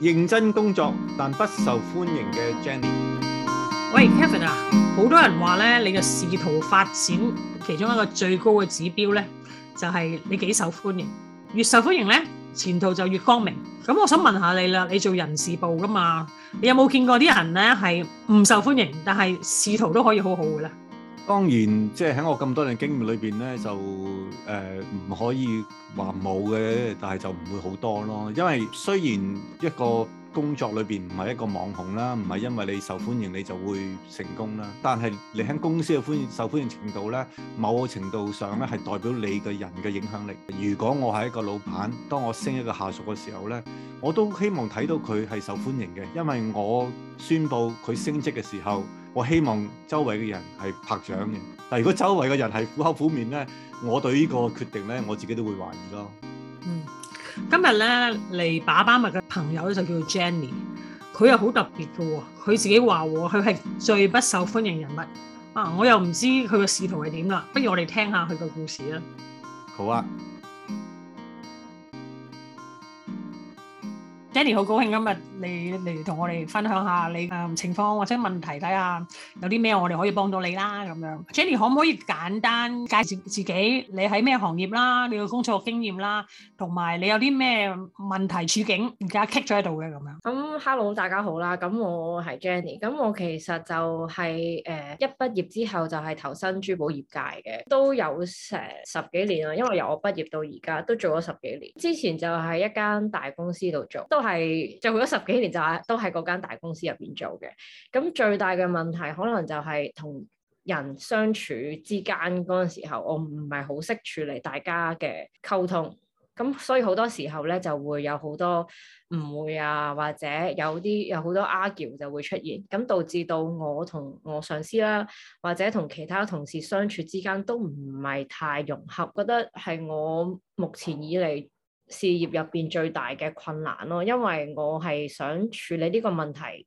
認真工作但不受歡迎嘅 Jenny，喂 Kevin 啊，好多人話咧，你嘅仕途發展其中一個最高嘅指標咧，就係你幾受歡迎，越受歡迎咧，前途就越光明。咁我想問下你啦，你做人事部噶嘛？你有冇見過啲人咧係唔受歡迎，但係仕途都可以好好嘅咧？當然，即係喺我咁多年經驗裏邊呢，就誒唔可以話冇嘅，但係就唔會好多咯。因為雖然一個工作裏邊唔係一個網紅啦，唔係因為你受歡迎你就會成功啦。但係你喺公司嘅歡迎受歡迎程度呢，某個程度上呢係代表你嘅人嘅影響力。如果我係一個老闆，當我升一個下屬嘅時候呢，我都希望睇到佢係受歡迎嘅，因為我宣布佢升職嘅時候。我希望周圍嘅人係拍掌嘅，嗯、但如果周圍嘅人係苦口苦面呢，我對呢個決定呢，我自己都會懷疑咯。嗯，今日呢，嚟把把脈嘅朋友咧就叫 Jenny，佢又好特別嘅喎，佢自己話我佢係最不受歡迎人物啊！我又唔知佢嘅仕途係點啦，不如我哋聽下佢嘅故事啦。好啊。Jenny 好高興今日你嚟同我哋分享下你啊、呃、情況或者問題，睇下有啲咩我哋可以幫到你啦咁樣 Jenny 可唔可以簡單介紹自己？你喺咩行業啦？你嘅工作經驗啦，同埋你有啲咩問題處境而家棘咗喺度嘅咁樣咁、嗯、Hello，大家好啦！咁我係 Jenny，咁我其實就係、是、誒、呃、一畢業之後就係投身珠寶業界嘅，都有成十幾年啦。因為由我畢業到而家都做咗十幾年，之前就喺一間大公司度做都。係做咗十幾年，就係都喺嗰間大公司入邊做嘅。咁最大嘅問題可能就係、是、同人相處之間嗰陣時候，我唔係好識處理大家嘅溝通，咁所以好多時候咧就會有好多誤會啊，或者有啲有好多 argue 就會出現，咁導致到我同我上司啦，或者同其他同事相處之間都唔係太融合，覺得係我目前以嚟，事業入邊最大嘅困難咯，因為我係想處理呢個問題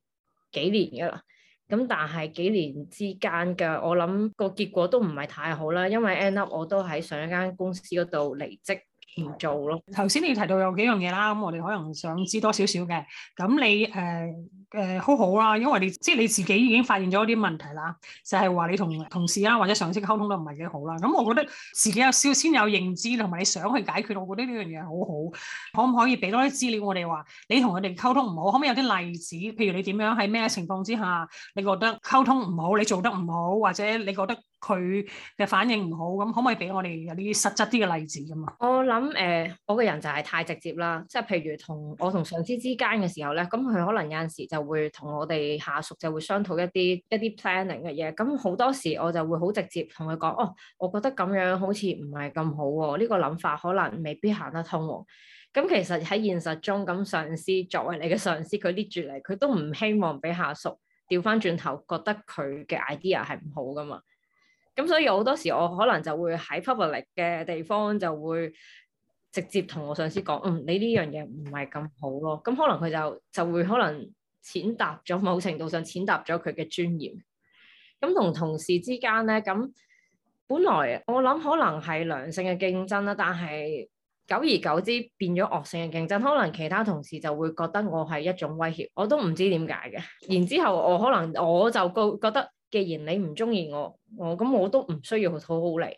幾年㗎啦，咁但係幾年之間嘅，我諗個結果都唔係太好啦，因為 end up 我都喺上一間公司嗰度離職唔做咯。頭先你提到有幾樣嘢啦，咁我哋可能想知多少少嘅，咁你誒。Uh 誒，好、呃、好啦，因為你即係你自己已經發現咗一啲問題啦，就係、是、話你同同事啦或者上司溝通都唔係幾好啦。咁、嗯、我覺得自己有少先有認知同埋你想去解決，我覺得呢樣嘢好好。可唔可以俾多啲資料我哋話你同佢哋溝通唔好？可唔可以有啲例子？譬如你點樣喺咩情況之下你覺得溝通唔好，你做得唔好，或者你覺得？佢嘅反應唔好，咁可唔可以俾我哋有啲實質啲嘅例子咁啊、呃，我諗誒，我個人就係太直接啦，即係譬如同我同上司之間嘅時候咧，咁佢可能有陣時就會同我哋下屬就會商討一啲一啲 planning 嘅嘢。咁好多時我就會好直接同佢講，哦，我覺得咁樣好似唔係咁好喎、啊，呢、呢個諗法可能未必行得通喎、啊。咁其實喺現實中，咁上司作為你嘅上司，佢拎住嚟，佢都唔希望俾下屬調翻轉頭覺得佢嘅 idea 係唔好噶嘛。咁所以好多時我可能就會喺 public 嘅地方就會直接同我上司講，嗯，你呢樣嘢唔係咁好咯。咁可能佢就就會可能踐踏咗某程度上踐踏咗佢嘅尊嚴。咁同同事之間咧，咁本來我諗可能係良性嘅競爭啦，但係久而久之變咗惡性嘅競爭，可能其他同事就會覺得我係一種威脅，我都唔知點解嘅。然之後我可能我就高覺得。既然你唔中意我，我咁我都唔需要討好你。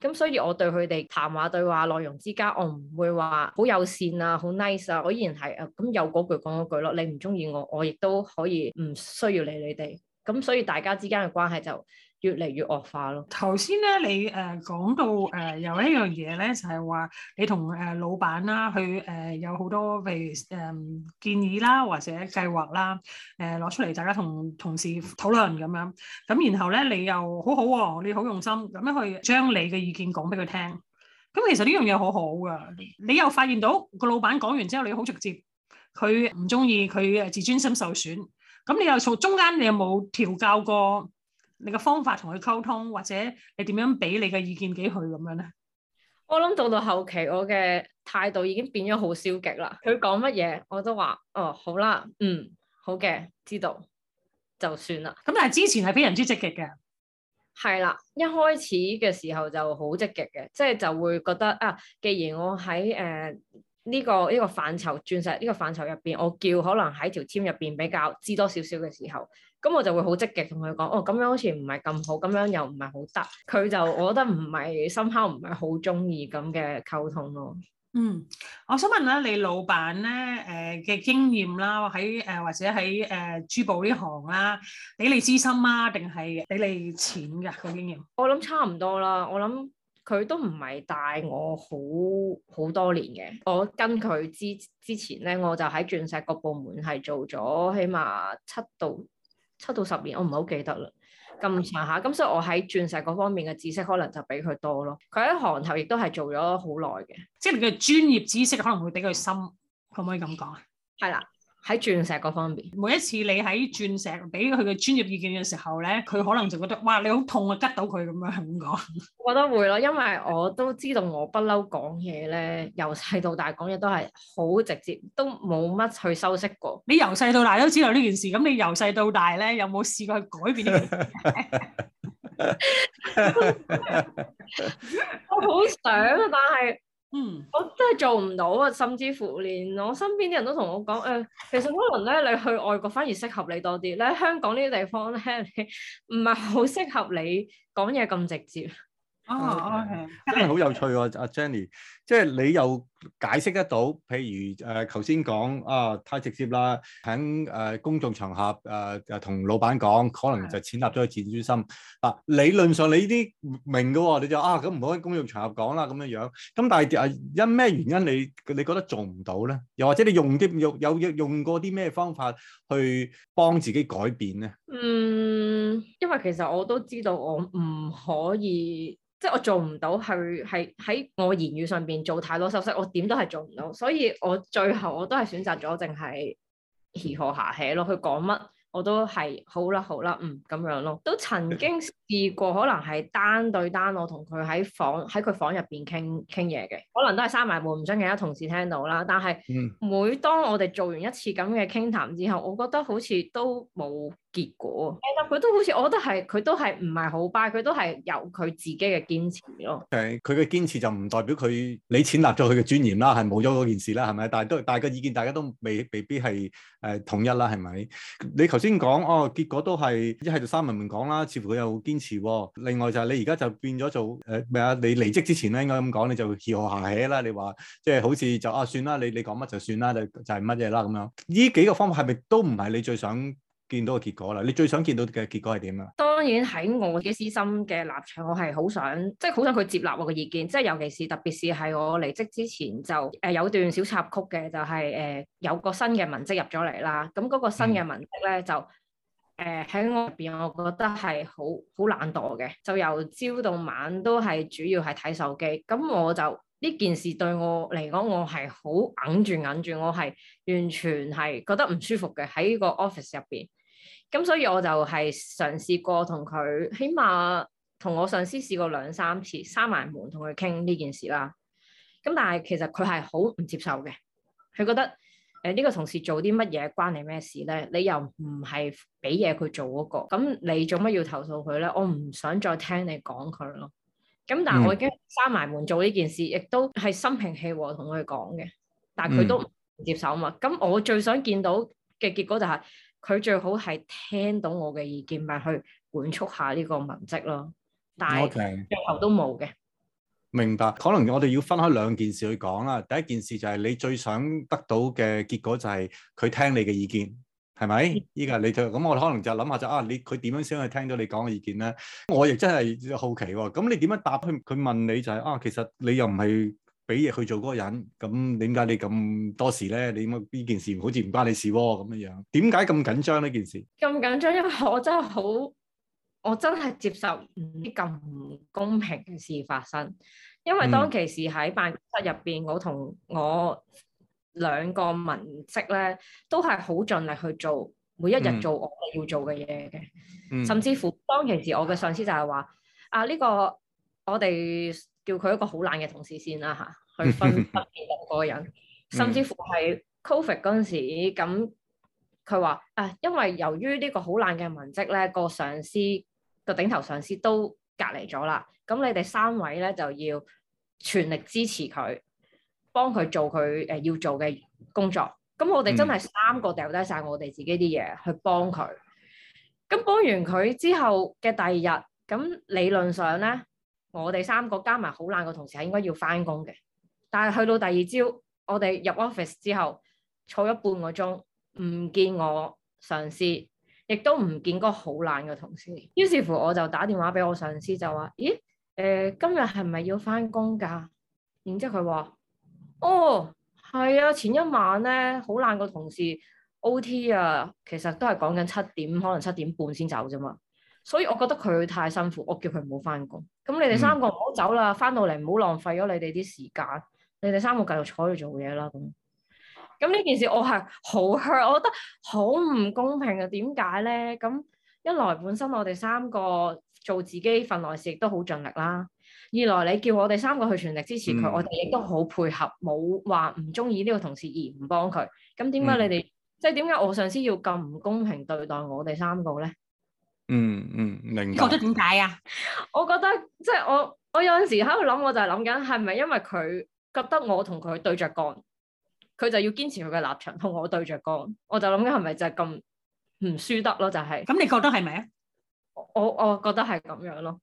咁所以我對佢哋談話對話內容之間，我唔會話好友善啊，好 nice 啊，我依然係誒咁有嗰句講嗰句咯。你唔中意我，我亦都可以唔需要理你哋，咁所以大家之間嘅關係就。越嚟越惡化咯。頭先咧，你誒講到誒、呃、有一樣嘢咧，就係、是、話你同誒老闆啦，佢誒有好多譬如誒建議啦，或者計劃啦，誒、呃、攞出嚟大家同同事討論咁樣。咁然後咧，你又好好喎、哦，你好用心咁樣去將你嘅意見講俾佢聽。咁其實呢樣嘢好好噶。你又發現到個老闆講完之後，你好直接，佢唔中意，佢嘅自尊心受損。咁你又從中間你有冇調教過？你個方法同佢溝通，或者你點樣俾你嘅意見俾佢咁樣咧？我諗到到後期，我嘅態度已經變咗好消極啦。佢講乜嘢我都話哦，好啦，嗯，好嘅，知道就算啦。咁但係之前係非常之積極嘅，係啦，一開始嘅時候就好積極嘅，即係就會覺得啊，既然我喺誒。呃呢、這個呢、這個範疇鑽石呢個範疇入邊，我叫可能喺條 team 入邊比較知多少少嘅時候，咁我就會好積極同佢講，哦咁樣好似唔係咁好，咁樣又唔係好得。佢就我覺得唔係深刻，唔係好中意咁嘅溝通咯。嗯，我想問下你老闆咧誒嘅經驗啦，喺誒、呃、或者喺誒、呃、珠寶呢行啦，俾你資深啊，定係俾你淺嘅個經驗？我諗差唔多啦，我諗。佢都唔係帶我好好多年嘅，我跟佢之之前咧，我就喺鑽石個部門係做咗起碼七到七到十年，我唔係好記得啦。咁上下咁， 所以我喺鑽石嗰方面嘅知識可能就比佢多咯。佢喺行頭亦都係做咗好耐嘅，即係佢專業知識可能會比佢深，可唔可以咁講啊？係啦。 喺鑽石嗰方面，每一次你喺鑽石俾佢嘅專業意見嘅時候咧，佢可能就覺得，哇！你好痛啊，吉到佢咁樣，係點講？我覺得會咯，因為我都知道我不嬲講嘢咧，由細到大講嘢都係好直接，都冇乜去修飾過。 你由細到大都知道呢件事，咁你由細到大咧有冇試過去改變呢件事？ 我好想啊，但係。嗯，我真係做唔到啊！甚至乎連我身邊啲人都同我講，誒、哎，其實可能咧，你去外國反而適合你多啲，你喺香港呢啲地方咧，唔係好適合你講嘢咁直接。哦，O K，真係好有趣喎、啊，阿 Jenny。即係你又解釋得到，譬如誒，頭先講啊，太直接啦，喺誒、呃、公眾場合誒誒同老闆講，可能就踐踏咗佢自尊心嗱、啊。理論上你呢啲明嘅喎、哦，你就啊咁唔好喺公眾場合講啦，咁樣樣。咁但係啊，因咩原因你你覺得做唔到咧？又或者你用啲用有用過啲咩方法去幫自己改變咧？嗯，因為其實我都知道我唔可以，即係我做唔到去係喺我言語上邊。做太多收息，我點都係做唔到，所以我最後我都係選擇咗，淨係協和下 hea 咯。佢講乜我都係好啦好啦，嗯咁樣咯。都曾經試過，可能係單對單我，我同佢喺房喺佢房入邊傾傾嘢嘅，可能都係閂埋門，唔想其他同事聽到啦。但係每當我哋做完一次咁嘅傾談之後，我覺得好似都冇。結果，其實佢都好似，我覺得係佢都係唔係好敗，佢都係由佢自己嘅堅持咯。誒，佢嘅堅持就唔代表佢你錢立咗佢嘅尊嚴啦，係冇咗嗰件事啦，係咪？但係都但係意見大家都未未必係誒、呃、統一啦，係咪？你頭先講哦，結果都係一係就三文文講啦，似乎佢又好堅持。另外就係你而家就變咗做誒咩啊？你離職之前咧應該咁講，你就協和下 hea 啦。你話即係好似就啊，算啦，你你講乜就算啦，就就係乜嘢啦咁樣。呢幾個方法係咪都唔係你最想？見到個結果啦！你最想見到嘅結果係點啊？當然喺我自己私心嘅立場，我係好想，即係好想佢接納我嘅意見。即、就、係、是、尤其是特別是係我離職之前就，就、呃、誒有段小插曲嘅、就是，就係誒有個新嘅文職入咗嚟啦。咁嗰個新嘅文職咧、嗯、就誒喺、呃、我入邊，我覺得係好好懶惰嘅，就由朝到晚都係主要係睇手機。咁我就呢件事對我嚟講，我係好揞住揞住，我係完全係覺得唔舒服嘅喺個 office 入邊。咁所以我就係嘗試過同佢，起碼同我上司試過兩三次，閂埋門同佢傾呢件事啦。咁但係其實佢係好唔接受嘅，佢覺得誒呢個同事做啲乜嘢關你咩事咧？你又唔係俾嘢佢做嗰個，咁你做乜要投訴佢咧？我唔想再聽你講佢咯。咁但係我已經閂埋門做呢件事，亦都係心平氣和同佢講嘅，但係佢都唔接受啊嘛。咁我最想見到嘅結果就係。佢最好係聽到我嘅意見，咪、就是、去管束下呢個文職咯。但係最後都冇嘅。Okay. 明白，可能我哋要分開兩件事去講啦。第一件事就係你最想得到嘅結果就係佢聽你嘅意見，係咪？依個 你就。咁，我可能就係諗下就啊，你佢點樣先可以聽到你講嘅意見咧？我亦真係好奇喎、哦。咁你點樣答佢？佢問你就係、是、啊，其實你又唔係。俾嘢去做嗰個人，咁點解你咁多事咧？你點解呢件事好似唔關你事喎？咁樣樣，點解咁緊張呢件事？咁緊張，因為我真係好，我真係接受唔啲咁唔公平嘅事發生。因為當其時喺辦公室入邊，我同我兩個文職咧，都係好盡力去做每一日做我哋要做嘅嘢嘅。嗯、甚至乎當其時，我嘅上司就係話：啊，呢個我哋。叫佢一個好懶嘅同事先啦、啊、吓，去分分辨咁個人， 甚至乎係 Covid 嗰陣時咁，佢話啊，因為由於呢個好懶嘅文職咧，個上司個頂頭上司都隔離咗啦，咁你哋三位咧就要全力支持佢，幫佢做佢誒要做嘅工作。咁我哋真係三個掉低晒我哋自己啲嘢去幫佢。咁幫完佢之後嘅第二日，咁理論上咧。我哋三個加埋好懶嘅同事係應該要翻工嘅，但係去到第二朝，我哋入 office 之後坐咗半個鐘，唔見我上司，亦都唔見個好懶嘅同事。於是乎我就打電話俾我上司就話，咦，誒、呃，今日係咪要翻工㗎？然之後佢話，哦，係啊，前一晚咧，好懶嘅同事 OT 啊，其實都係講緊七點，可能七點半先走啫嘛。所以我覺得佢太辛苦，我叫佢唔好翻工。咁你哋三個唔好走啦，嗯、翻到嚟唔好浪費咗你哋啲時間。你哋三個繼續坐喺度做嘢啦。咁，咁呢件事我係好 hurt，我覺得好唔公平啊！點解咧？咁一來本身我哋三個做自己份內事亦都好盡力啦，二來你叫我哋三個去全力支持佢，嗯、我哋亦都好配合，冇話唔中意呢個同事而唔幫佢。咁點解你哋、嗯、即係點解我上司要咁唔公平對待我哋三個咧？嗯嗯，明白。你覺得點解啊？我覺得即係我我有陣時喺度諗，我就係諗緊係咪因為佢覺得我同佢對着幹，佢就要堅持佢嘅立場同我對着幹，我就諗緊係咪就係咁唔輸得咯？就係。咁你覺得係咪啊？我我覺得係咁樣咯。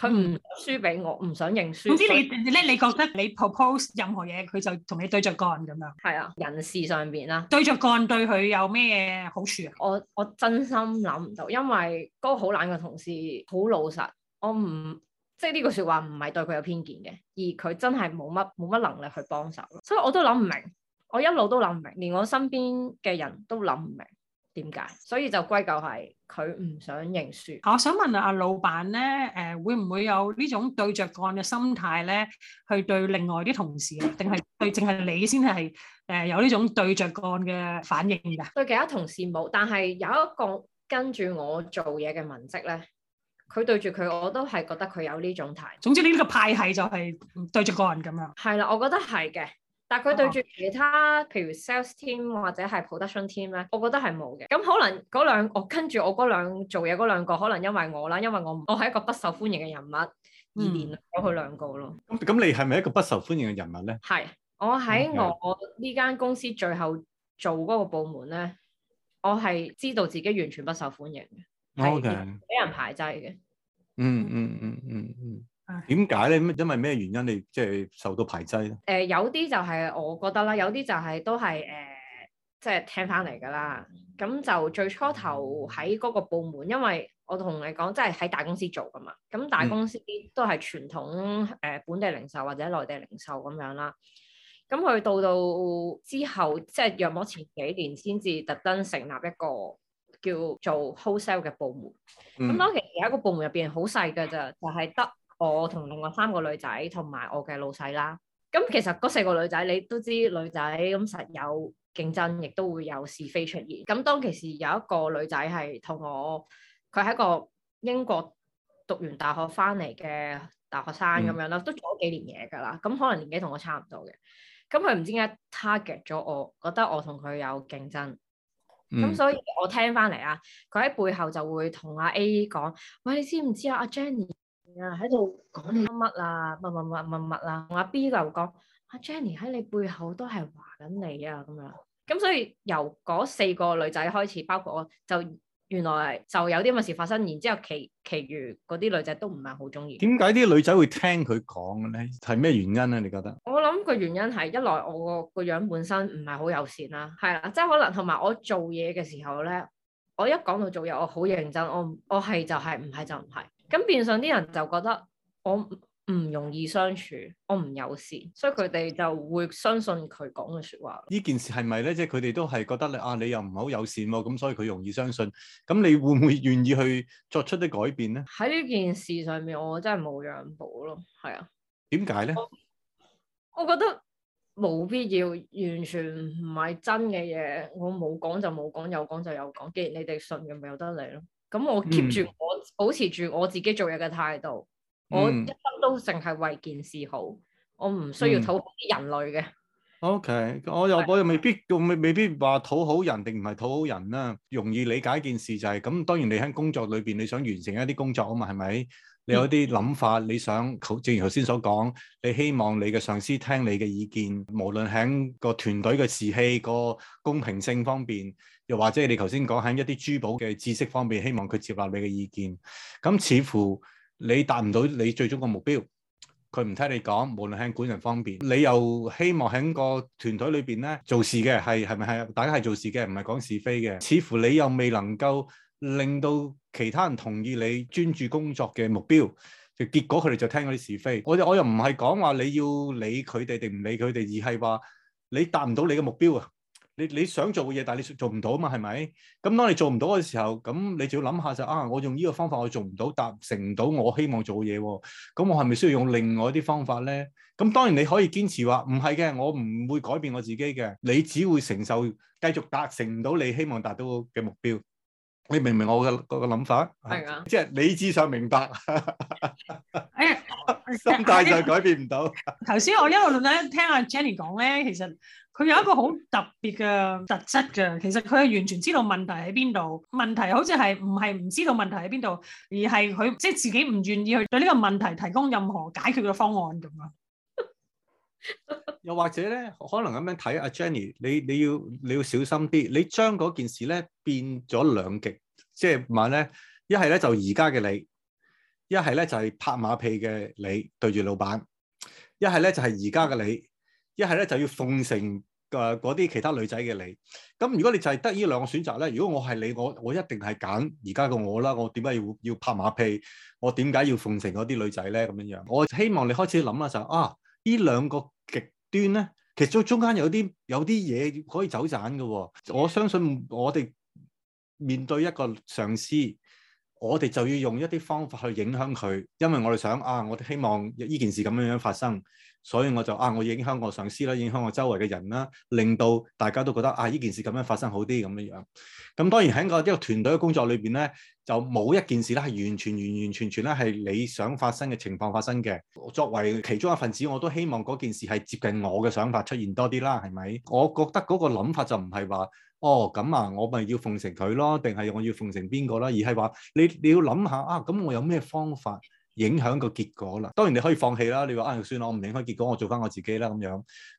佢唔輸俾我，唔想認輸。唔知你咧，以你覺得你 propose 任何嘢，佢就同你對着幹咁樣？係啊。人事上邊啦。對着幹對佢有咩好處啊？我我真心諗唔到，因為嗰個好懶嘅同事好老實，我唔即係呢句説話唔係對佢有偏見嘅，而佢真係冇乜冇乜能力去幫手，所以我都諗唔明，我一路都諗唔明，連我身邊嘅人都諗唔明。點解？所以就歸咎係佢唔想認輸。我想問下老闆咧，誒，會唔會有呢種對着幹嘅心態咧，去對另外啲同事啊，定係對淨係你先係誒有呢種對着幹嘅反應噶？對其他同事冇，但係有一個跟住我做嘢嘅文職咧，佢對住佢我都係覺得佢有呢種態。總之呢個派係就係對着個人咁樣。係啦，我覺得係嘅。但佢對住其他，譬如 sales team 或者係 production team 咧，我覺得係冇嘅。咁可能嗰兩，跟我跟住我嗰兩做嘢嗰兩個，可能因為我啦，因為我我係一個不受歡迎嘅人物，嗯、而連累咗佢兩個咯。咁咁，你係咪一個不受歡迎嘅人物咧？係，我喺我呢間公司最後做嗰個部門咧，我係知道自己完全不受歡迎嘅，係俾 Okay. 人排擠嘅、嗯。嗯嗯嗯嗯嗯。嗯嗯點解咧？因為咩原因你即係受到排擠咧？誒、呃、有啲就係我覺得啦，有啲就係都係誒，即、呃、係、就是、聽翻嚟噶啦。咁就最初頭喺嗰個部門，因為我同你講，即係喺大公司做噶嘛。咁大公司都係傳統誒、嗯呃、本地零售或者內地零售咁樣啦。咁佢到到之後，即係約我前幾年先至特登成立一個叫做 wholesale 嘅部門。咁、嗯、當其時有一個部門入邊好細㗎咋，就係、是、得。我同另外三個女仔同埋我嘅老細啦，咁其實嗰四個女仔你都知女仔咁實有競爭，亦都會有是非出現。咁當其時有一個女仔係同我，佢係一個英國讀完大學翻嚟嘅大學生咁、嗯、樣啦，都做咗幾年嘢㗎啦，咁可能年紀同我差唔多嘅，咁佢唔知點解 target 咗我，覺得我同佢有競爭，咁、嗯、所以我聽翻嚟啊，佢喺背後就會同阿 A 講：「喂，你知唔知啊？阿 Jenny。啊！喺度講乜啊？乜乜乜乜乜啊！同阿 B 流講，阿 Jenny 喺你背後都係話緊你啊，咁樣。咁所以由嗰四個女仔開始，包括我就原來就有啲咁嘅事發生。然之後其其餘嗰啲女仔都唔係好中意。點解啲女仔會聽佢講嘅咧？係咩原因咧？你覺得？我諗個原因係一來我個個樣本身唔係好友善啦，係啦，即係可能同埋我做嘢嘅時候咧，我一講到做嘢，我好認真，我我係就係唔係就唔係。咁變相啲人就覺得我唔容易相處，我唔友善，所以佢哋就會相信佢講嘅説話。呢件事係咪咧？即係佢哋都係覺得咧啊，你又唔好友善喎，咁所以佢容易相信。咁你會唔會願意去作出啲改變咧？喺呢件事上面，我真係冇讓步咯。係啊，點解咧？我覺得冇必要，完全唔係真嘅嘢。我冇講就冇講，有講就有講。既然你哋信嘅，咪有得嚟咯。咁我 keep 住我保持住我自己做嘢嘅態度，嗯、我一生都淨係為件事好，我唔需要討好啲人類嘅。嗯、o、okay, K，我又是我又未必，未未必話討好人定唔係討好人啦，容易理解一件事就係、是、咁。當然你喺工作裏邊，你想完成一啲工作啊嘛，係咪？你有啲諗法，你想正如頭先所講，你希望你嘅上司聽你嘅意見，無論喺個團隊嘅士氣、個公平性方面，又或者你頭先講喺一啲珠寶嘅知識方面，希望佢接納你嘅意見。咁似乎你達唔到你最終個目標，佢唔聽你講。無論喺管人方面，你又希望喺個團隊裏邊咧做事嘅，係，係咪係？大家係做事嘅，唔係講是非嘅。似乎你又未能夠。令到其他人同意你專注工作嘅目標，就結果佢哋就聽嗰啲是非。我我又唔係講話你要理佢哋定唔理佢哋，而係話你達唔到你嘅目標啊！你你想做嘅嘢，但係你做唔到啊嘛，係咪？咁當你做唔到嘅時候，咁你就要諗下就啊，我用呢個方法我做唔到，達成唔到我希望做嘅嘢，咁我係咪需要用另外啲方法咧？咁當然你可以堅持話唔係嘅，我唔會改變我自己嘅，你只會承受繼續達成唔到你希望達到嘅目標。你明唔明我嘅嗰個諗法？係啊的，即係理智上明白， 心態就改變唔到。頭先、哎哎、我一路咧聽阿 Jenny 講咧，其實佢有一個好特別嘅特質㗎。其實佢係完全知道問題喺邊度，問題好似係唔係唔知道問題喺邊度，而係佢即係自己唔願意去對呢個問題提供任何解決嘅方案咁啊。 又或者咧，可能咁樣睇阿、啊、Jenny，你你要你要小心啲。你將嗰件事咧變咗兩極，即係話咧，一係咧就而家嘅你，一係咧就係、是、拍馬屁嘅你對住老闆，一係咧就係而家嘅你，一係咧就要奉承嘅嗰啲其他女仔嘅你。咁如果你就係得呢兩個選擇咧，如果我係你，我我一定係揀而家嘅我啦。我點解要要拍馬屁？我點解要奉承嗰啲女仔咧？咁樣樣，我希望你開始諗下就，就啊呢兩個極。端咧，其實中中間有啲有啲嘢可以走盞嘅、哦、我相信我哋面對一個上司。我哋就要用一啲方法去影響佢，因為我哋想啊，我哋希望呢件事咁樣樣發生，所以我就啊，我影響我上司啦，影響我周圍嘅人啦，令到大家都覺得啊，呢件事咁樣發生好啲咁樣樣。咁當然喺個一個團隊嘅工作裏邊咧，就冇一件事咧係完全完完全全咧係你想發生嘅情況發生嘅。作為其中一份子，我都希望嗰件事係接近我嘅想法出現多啲啦，係咪？我覺得嗰個諗法就唔係話。哦，咁啊，我咪要奉承佢咯，定係我要奉承邊個啦？而係話你你要諗下啊，咁我有咩方法？影響個結果啦，當然你可以放棄啦。你話啊、哎，算我唔影響結果，我做翻我自己啦咁樣。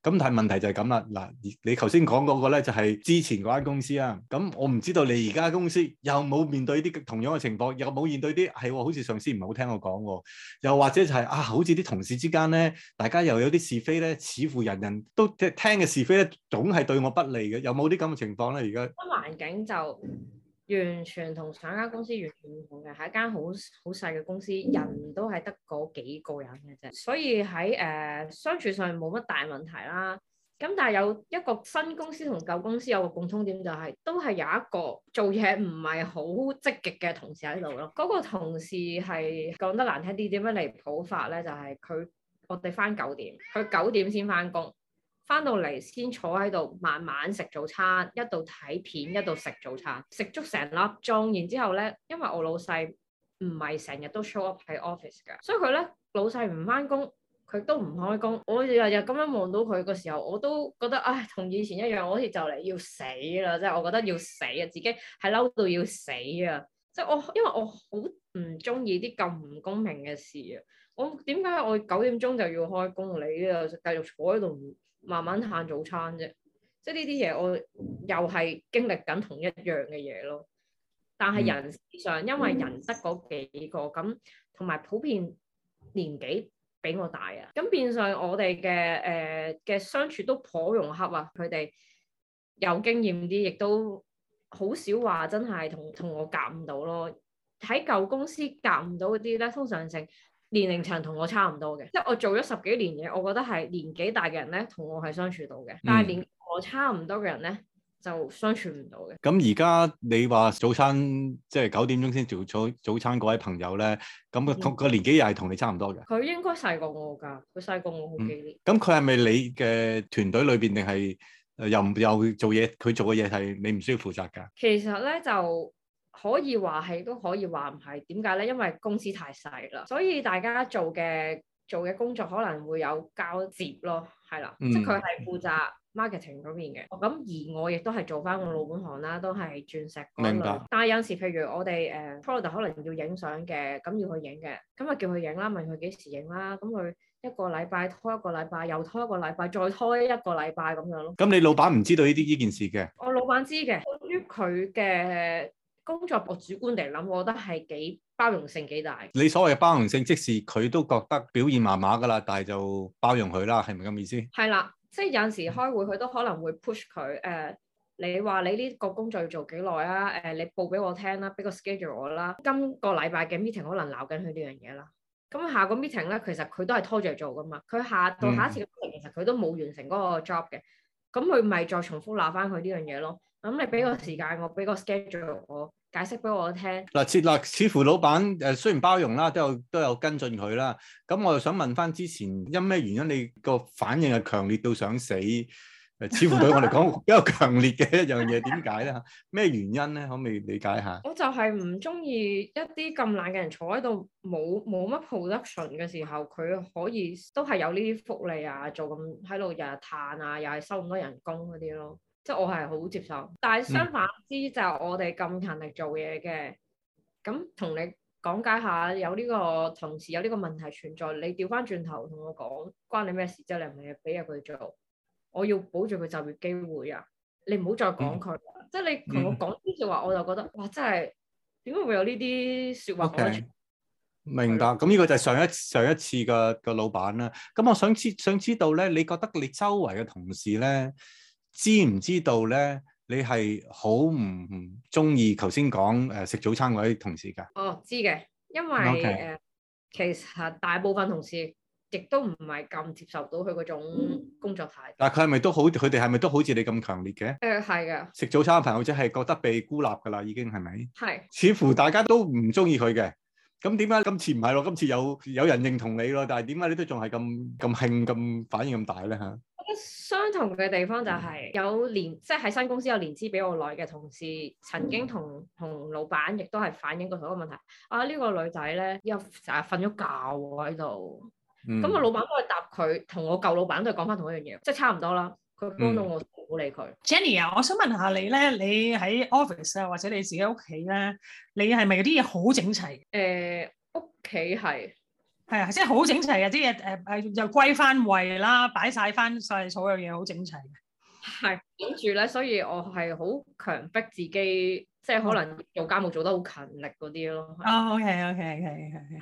咁但係問題就係咁啦。嗱，你頭先講嗰個咧就係之前嗰間公司啊。咁我唔知道你而家公司有冇面對啲同樣嘅情況，有冇面對啲係、哎、好似上司唔係好聽我講喎。又或者就係、是、啊，好似啲同事之間咧，大家又有啲是非咧，似乎人人都聽嘅是非咧，總係對我不利嘅。有冇啲咁嘅情況咧？而家個環境就。完全同上間公司完全唔同嘅，係一間好好細嘅公司，人都係得嗰幾個人嘅啫。所以喺誒、呃、相處上冇乜大問題啦。咁但係有一個新公司同舊公司有個共通點就係、是，都係有一個做嘢唔係好積極嘅同事喺度咯。嗰、那個同事係講得難聽啲，點樣嚟普法咧？就係、是、佢我哋返九點，佢九點先返工。翻到嚟先坐喺度，慢慢食早餐，一度睇片，一度食早餐，食足成粒鐘。然之後咧，因為我老細唔係成日都 show up 喺 office 㗎，所以佢咧老細唔翻工，佢都唔開工。我日日咁樣望到佢嘅時候，我都覺得唉，同以前一樣，我好似就嚟要死啦！即係我覺得要死啊，自己係嬲到要死啊！即係我，因為我好唔中意啲咁唔公平嘅事啊！我點解我九點鐘就要開工，你呢？繼續坐喺度？慢慢嘆早餐啫，即係呢啲嘢我又係經歷緊同一樣嘅嘢咯。但係人事上，嗯、因為人得嗰幾個咁，同埋普遍年紀比我大啊，咁變相我哋嘅誒嘅相處都頗融洽啊。佢哋有經驗啲，亦都好少話真係同同我夾唔到咯。喺舊公司夾唔到嗰啲咧，通常性。年齡層同我差唔多嘅，即係我做咗十幾年嘢，我覺得係年紀大嘅人咧，同我係相處到嘅。但係年我差唔多嘅人咧，就相處唔到嘅。咁而家你話早餐即係九點鐘先做早早餐嗰位朋友咧，咁個同個年紀又係同你差唔多嘅。佢、嗯、應該細過我㗎，佢細過我好幾年。咁佢係咪你嘅團隊裏邊定係又又做嘢？佢做嘅嘢係你唔需要負責㗎？其實咧就。可以話係都可以話唔係，點解咧？因為公司太細啦，所以大家做嘅做嘅工作可能會有交接咯，係啦，嗯、即係佢係負責 marketing 嗰邊嘅，咁而我亦都係做翻我老本行啦，都係鑽石。明白。但係有陣時，譬如我哋誒、uh, product 可能要影相嘅，咁要去影嘅，咁啊叫佢影啦，問佢幾時影啦，咁佢一個禮拜拖一個禮拜，又拖一個禮拜，再拖一個禮拜咁樣咯。咁你老闆唔知道呢啲呢件事嘅？我老闆知嘅，關於佢嘅。工作我主觀地嚟諗，我覺得係幾包容性幾大。你所謂嘅包容性，即係佢都覺得表現麻麻噶啦，但係就包容佢啦，係咪咁意思？係啦，即係有陣時開會佢都可能會 push 佢誒、呃，你話你呢個工作要做幾耐啊？誒、呃，你報俾我聽啦、啊，俾個 schedule 我啦。今個禮拜嘅 meeting 可能鬧緊佢呢樣嘢啦。咁下個 meeting 咧，其實佢都係拖住嚟做噶嘛。佢下到下一次嘅 meeting，、嗯、其實佢都冇完成嗰個 job 嘅。咁佢咪再重複鬧翻佢呢樣嘢咯？咁、嗯、你俾個時間我，我時間，俾個 schedule 我解釋俾我， 我聽。嗱，似嗱，似乎老闆誒雖然包容啦，都有都有跟進佢啦。咁我想問翻之前，因咩原因你個反應係強烈到想死？誒，似乎對我嚟講比較強烈嘅一樣嘢，點解咧？咩原因咧？可唔可以理解下？我就係唔中意一啲咁懶嘅人坐喺度冇冇乜 production 嘅時候，佢可以都係有呢啲福利啊，做咁喺度日日嘆啊，又係收咁多人工嗰啲咯。即係我係好接受，但係相反之，嗯、就我哋咁勤力做嘢嘅，咁同你講解下有呢個同事有呢個問題存在，你調翻轉頭同我講，關你咩事？即係你唔係俾入佢做，我要保住佢就業機會啊！你唔好再講佢，嗯、即係你同我講呢啲說話，我就覺得、嗯、哇，真係點解會有呢啲說話 Okay. 我？明白，咁呢個就係上一上一次嘅嘅老闆啦。咁我想知想知道咧，你覺得你周圍嘅同事咧？知唔知道咧？你係好唔中意頭先講誒食早餐嗰位同事噶？哦，知嘅，因為誒 Okay.、呃，其實大部分同事亦都唔係咁接受到佢嗰種工作態度。嗯、但佢係咪都好？佢哋係咪都好似你咁強烈嘅？誒、呃，係嘅。食早餐嘅朋友，即係覺得被孤立噶啦，已經係咪？係。的似乎大家都唔中意佢嘅，咁點解今次唔係咯？今次有有人認同你咯，但係點解你都仲係咁咁興咁反應咁大咧吓？同嘅地方就係、是嗯、有年，即係喺新公司有年資比較耐嘅同事，曾經同、嗯、同老闆亦都係反映過同一個問題。啊，呢、這個女仔咧，又成日瞓咗覺喎喺度。咁個、嗯、老闆幫佢答佢，同我舊老闆都係講返同一樣嘢，即係差唔多啦。佢幫到我冇理佢、嗯。Jenny 啊，我想問下你咧，你喺 office 啊，或者你自己屋企咧，你係咪啲嘢好整齊？誒、呃，屋企係。係啊，即係好整齊啊！啲嘢誒誒又歸翻位啦，擺晒翻晒所有嘢，好整齊嘅。係，跟住咧，所以我係好強迫自己，即係可能做家務做得好勤力嗰啲咯。啊，OK，OK，OK，OK。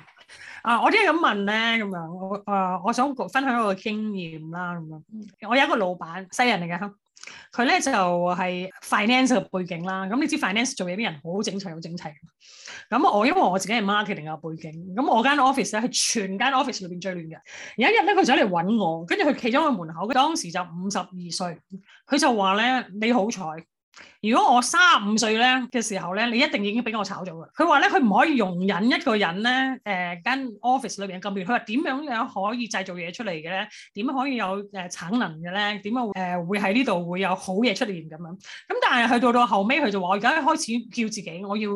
啊，我即係咁問咧，咁樣，我啊，uh, 我想分享一個經驗啦，咁樣。我有一個老闆，西人嚟嘅。佢咧就係、是、finance 嘅背景啦，咁你知 finance 做嘢啲人好整齊，好整齊。咁我因為我自己係 marketing 嘅背景，咁我間 office 咧係全間 office 裏邊最亂嘅。有一日咧，佢就嚟揾我，跟住佢企咗喺我門口，佢當時就五十二歲，佢就話咧，你好彩。如果我三五歲咧嘅時候咧，你一定已經俾我炒咗㗎。佢話咧，佢唔可以容忍一個人咧，誒、呃、間 office 裏邊咁亂。佢話點樣樣可以製造嘢出嚟嘅咧？點樣可以有誒、呃、產能嘅咧？點樣誒會喺呢度會有好嘢出現咁樣？咁、嗯、但係去到到後尾，佢就話我而家開始叫自己，我要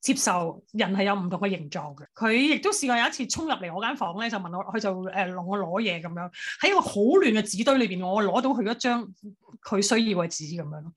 接受人係有唔同嘅形狀嘅。佢亦都試過有一次衝入嚟我間房咧，就問我，佢就誒、呃、我攞嘢咁樣喺一個好亂嘅紙堆裏邊，我攞到佢一張佢需要嘅紙咁樣。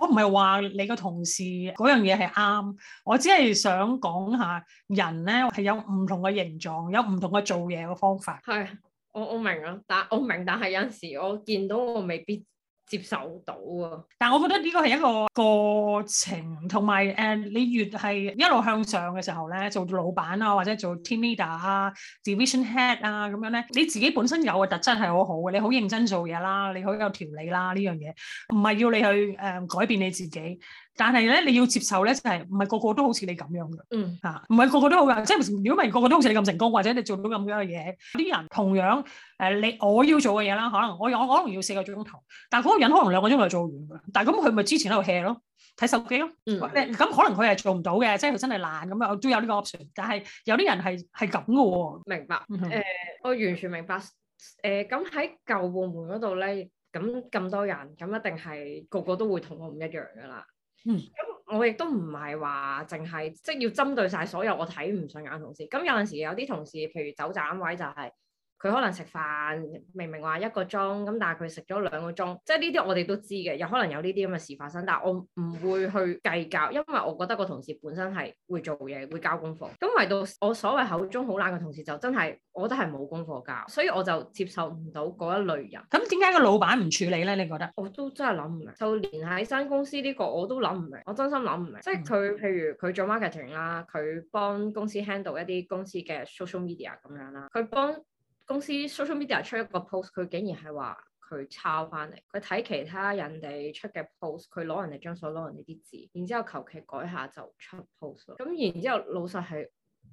我唔係話，話你個同事嗰樣嘢係啱，我只係想講下人咧係有唔同嘅形狀，有唔同嘅做嘢嘅方法。係，我我明啊，但係我明，但係有陣時我見到我未必接受到啊，但係我覺得呢個係一個過程，同埋誒，uh, 你越係一路向上嘅時候咧，做老闆啊，或者做 team leader 啊、division head 啊咁樣咧，你自己本身有嘅特質係好好嘅，你好認真做嘢啦，你好有條理啦，呢樣嘢唔係要你去誒、uh, 改變你自己。但係咧，你要接受咧，就係唔係個個都好似你咁樣嘅？嗯嚇，唔係個個都好嘅，即係如果唔係個個都好似你咁成功，或者你做到咁樣嘅嘢，啲人同樣誒、呃，你我要做嘅嘢啦，可能我我可能要四個鐘頭，但係嗰個人可能兩個鐘頭就做完嘅。但係咁佢咪之前喺度 hea 咯，睇手機咯。嗯，咁、嗯、可能佢係做唔到嘅，即係佢真係懶咁啊，都有呢個 option。但係有啲人係係咁嘅喎。明白。誒、嗯呃，我完全明白。誒、呃，咁喺舊部門嗰度咧，咁咁多人，咁一定係個個都會同我唔一樣㗎啦。嗯，咁我亦都唔係話淨係即係要針對晒所有我睇唔順眼同事，咁有陣時有啲同事，譬如走盞位就係、是。佢可能食飯明明話一個鐘，咁但係佢食咗兩個鐘，即係呢啲我哋都知嘅，有可能有呢啲咁嘅事發生，但係我唔會去計較，因為我覺得個同事本身係會做嘢，會交功課。咁嚟到我所謂口中好懶嘅同事就真係我都係冇功課交，所以我就接受唔到嗰一類人。咁點解個老闆唔處理咧？你覺得？我都真係諗唔明，就連喺新公司呢個我都諗唔明，我真心諗唔明。嗯、即係佢譬如佢做 marketing 啦，佢幫公司 handle 一啲公司嘅 social media 咁樣啦，佢幫。公司 social media 出一個 post，佢竟然係話佢抄翻嚟，佢睇其他人哋出嘅 post，佢攞人哋張相，攞人哋啲字，然之後求其改下就出 post。咁然之後老實係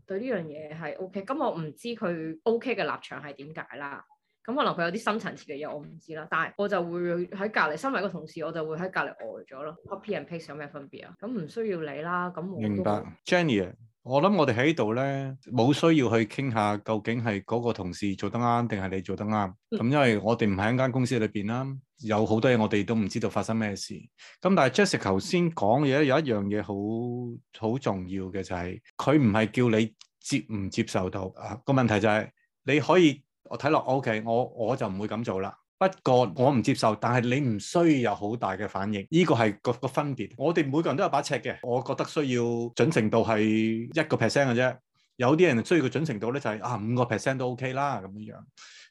對呢樣嘢係 OK。咁我唔知佢 OK 嘅立場係點解啦。咁可能佢有啲深層次嘅嘢，我唔知啦。但係我就會喺隔離，身為個同事我就會喺隔離呆咗咯。Copy and paste 有咩分別啊？咁唔需要你啦。咁我明白 Jenny 我諗我哋喺度咧，冇需要去傾下究竟係嗰個同事做得啱定係你做得啱。咁因為我哋唔喺一間公司裏邊啦，有好多嘢我哋都唔知道發生咩事。咁但係，Jessica 頭先講嘢有一樣嘢好好重要嘅就係，佢唔係叫你接唔接受到啊，個問題就係，你可以，我睇落，OK，我我就唔會咁做啦。不過我唔接受，但係你唔需要有好大嘅反應，呢、這個係個個分別。我哋每個人都有把尺嘅，我覺得需要準程度係一個 percent 嘅啫。有啲人需要嘅準程度咧就係、是、啊，五個 percent 都 OK 啦咁樣樣。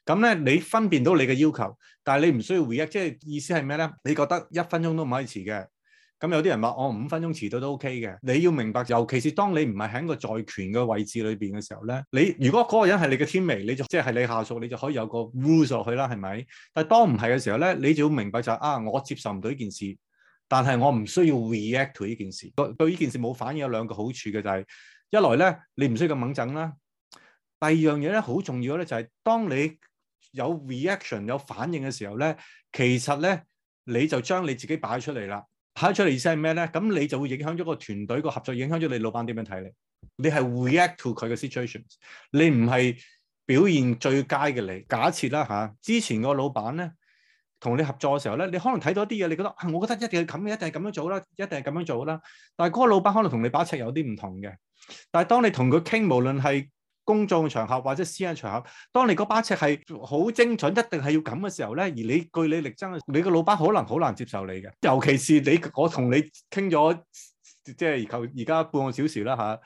咁咧你分辨到你嘅要求，但係你唔需要回憶，即係意思係咩咧？你覺得一分鐘都唔可以遲嘅。咁、嗯、有啲人話：我、哦、五分鐘遲到都 OK 嘅。你要明白，尤其是當你唔係喺個在權嘅位置裏邊嘅時候咧，你如果嗰個人係你嘅 teammate，你就即係、就是、你下屬，你就可以有個 rule 落去啦，係咪？但係當唔係嘅時候咧，你就要明白就係、是、啊，我接受唔到呢件事，但係我唔需要 react to 呢件事。對呢件事冇反應有兩個好處嘅就係、是、一來咧，你唔需要咁掹緊啦。第二樣嘢咧好重要咧就係、是，當你有 reaction 有反應嘅時候咧，其實咧你就將你自己擺出嚟啦。睇出嚟意思係咩咧？咁你就會影響咗個團隊個合作，影響咗你老闆點樣睇你。你係 react to 佢嘅 situation，你唔係表現最佳嘅你。假設啦嚇，之前個老闆咧同你合作嘅時候咧，你可能睇到啲嘢，你覺得啊，我覺得一定係咁，一定係咁樣做啦，一定係咁樣做啦。但係嗰個老闆可能同你把尺有啲唔同嘅。但係當你同佢傾，無論係，公眾嘅場合或者私人場合，當你嗰把尺係好精準，一定係要咁嘅時候咧，而你據理力爭，你嘅老闆可能好難接受你嘅。尤其是你，我同你傾咗即係求而家半個小時啦吓、啊，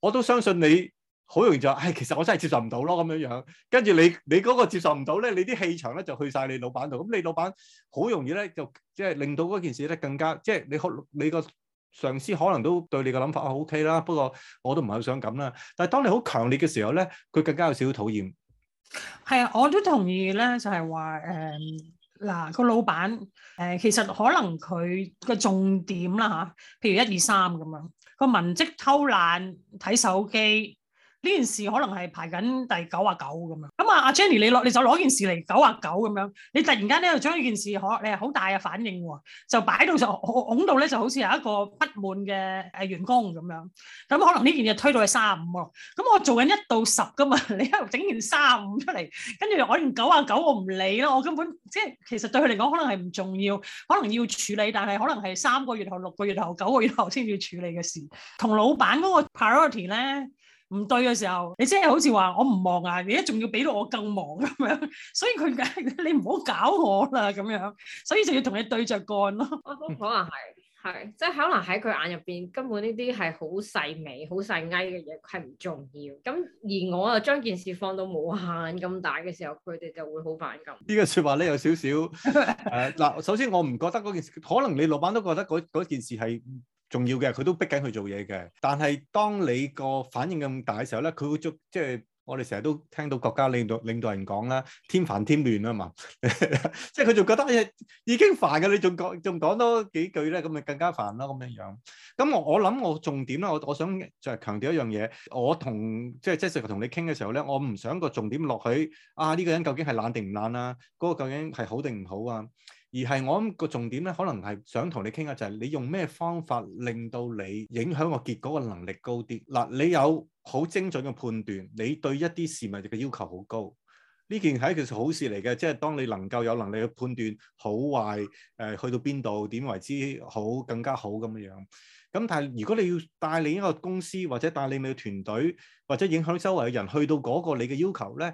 我都相信你好容易就，唉、哎，其實我真係接受唔到咯咁樣樣。跟住你你嗰個接受唔到咧，你啲氣場咧就去晒你老闆度，咁你老闆好容易咧就即係令到嗰件事咧更加即係你你個。上司可能都對你個諗法啊 OK 啦，不過我都唔係好想咁啦。但係當你好強烈嘅時候咧，佢更加有少少討厭。係啊，我都同意咧，就係話誒嗱，個老闆誒，其實可能佢個重點啦嚇，譬如一二三咁樣個文職偷懶睇手機。呢件事可能係排緊第九啊九咁樣，咁啊阿 Jenny 你攞你就攞件事嚟九啊九咁樣，你突然間咧就將呢件事可你係好大嘅反應喎，就擺到，到就拱到咧就好似有一個不滿嘅誒員工咁樣，咁可能呢件嘢推到去三五咯，咁、嗯、我做緊一到十噶嘛，你一路整件三五出嚟，跟住我件九啊九我唔理咯，我根本即係其實對佢嚟講可能係唔重要，可能要處理，但係可能係三個月後、六個月後、九個月後先至要處理嘅事，同老闆嗰個 priority 咧。唔對嘅時候，你真係好似話我唔忙啊，而家仲要俾到我更忙咁、啊、樣，所以佢梗係你唔好搞我啦咁樣，所以就要同你對着幹咯。可能係係，即係可能喺佢眼入邊根本呢啲係好細微、好細埃嘅嘢，係唔重要。咁而我又將件事放到冇限咁大嘅時候，佢哋就會好反感。呢個説話咧有少少，嗱，首先我唔覺得嗰件事，可能你老闆都覺得嗰件事係。重要嘅，佢都逼緊去做嘢嘅。但係當你個反應咁大嘅時候咧，佢會捉，即、就、係、是、我哋成日都聽到國家領導領導人講啦，天煩添亂啊嘛。 即係佢就覺得嘢已經煩嘅，你仲講仲講多幾句咧，咁咪更加煩咯咁樣樣。咁我我諗我重點咧，我我想就係強調一樣嘢。我同即係即 a 同你傾嘅時候咧，我唔想個重點落去。啊呢、這個人究竟係冷定唔冷啊？嗰、那個究竟係好定唔好啊？而係我諗個重點咧，可能係想同你傾嘅就係、是、你用咩方法令到你影響個結果嘅能力高啲嗱。你有好精準嘅判斷，你對一啲事物嘅要求好高，呢件係一件好事嚟嘅，即係當你能夠有能力去判斷好壞，誒、呃、去到邊度點為之好更加好咁樣樣。咁但係如果你要帶領一個公司或者帶領你嘅團隊，或者影響周圍嘅人去到嗰個你嘅要求咧，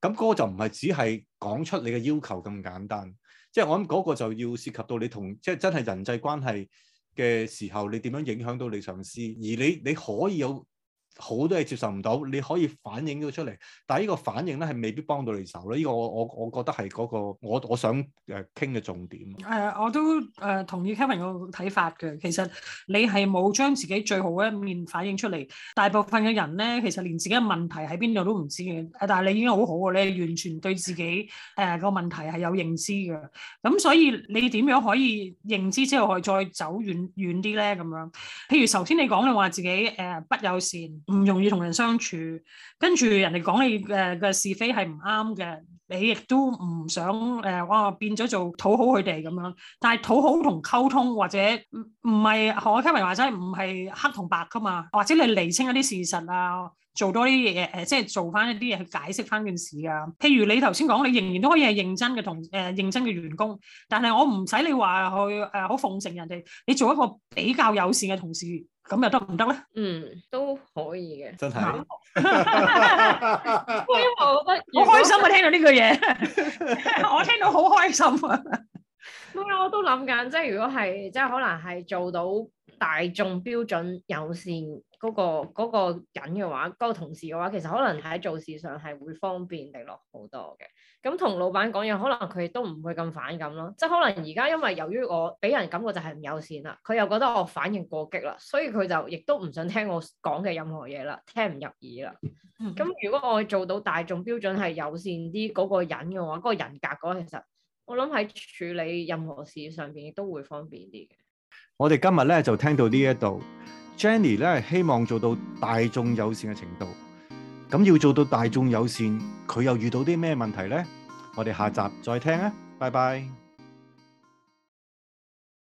咁、那、嗰個就唔係只係講出你嘅要求咁簡單。即係我諗嗰個就要涉及到你同，即係真係人際關係嘅時候，你點樣影響到你上司，而你你可以有。好多嘢接受唔到，你可以反映咗出嚟，但係呢個反應咧係未必幫到你手咧。呢、這個我我我覺得係嗰、那個我我想誒傾嘅重點。誒、呃，我都誒、呃、同意 Kevin 嘅睇法嘅。其實你係冇將自己最好嘅一面反映出嚟。大部分嘅人咧，其實連自己嘅問題喺邊度都唔知嘅。但係你已經好好嘅咧，你完全對自己誒、呃、個問題係有認知嘅。咁所以你點樣可以認知之後可以再走遠遠啲咧？咁樣，譬如頭先你講嘅話自己誒、呃、不友善。唔容易同人相處，跟住人哋講你誒嘅是非係唔啱嘅，你亦都唔想誒，哇、呃、變咗做討好佢哋咁樣。但係討好同溝通或者唔唔係可溝通，或者唔係黑同白噶嘛，或者你釐清一啲事實啊。做多啲嘢誒，即係做翻一啲嘢去解釋翻件事啊。譬如你頭先講，你仍然都可以係認真嘅同誒認真嘅員、呃呃呃、工，但係我唔使你話去誒好、啊啊、奉承人哋，你做一個比較友善嘅同事，咁又得唔得咧？嗯，都可以嘅。真係， 因為我覺得好開心啊！聽到呢句嘢， 我聽到好開心啊！咪 我都諗緊，即係如果係即係可能係做到。大眾標準友善嗰個嗰個人嘅話，嗰個同事嘅話，其實可能喺做事上係會方便利落好多嘅。咁同老闆講嘢，可能佢亦都唔會咁反感咯。即係可能而家因為由於我俾人感覺就係唔友善啦，佢又覺得我反應過激啦，所以佢就亦都唔想聽我講嘅任何嘢啦，聽唔入耳啦。咁如果我做到大眾標準係友善啲嗰個人嘅話，嗰個人格嗰，其實我諗喺處理任何事上邊亦都會方便啲嘅。我哋今日呢就聽到這裏，Jenny，呢一度。Jenny 呢希望做到大眾友善嘅程度，咁要做到大眾友善，佢又遇到啲咩問題呢？我哋下集再聽啊！拜拜。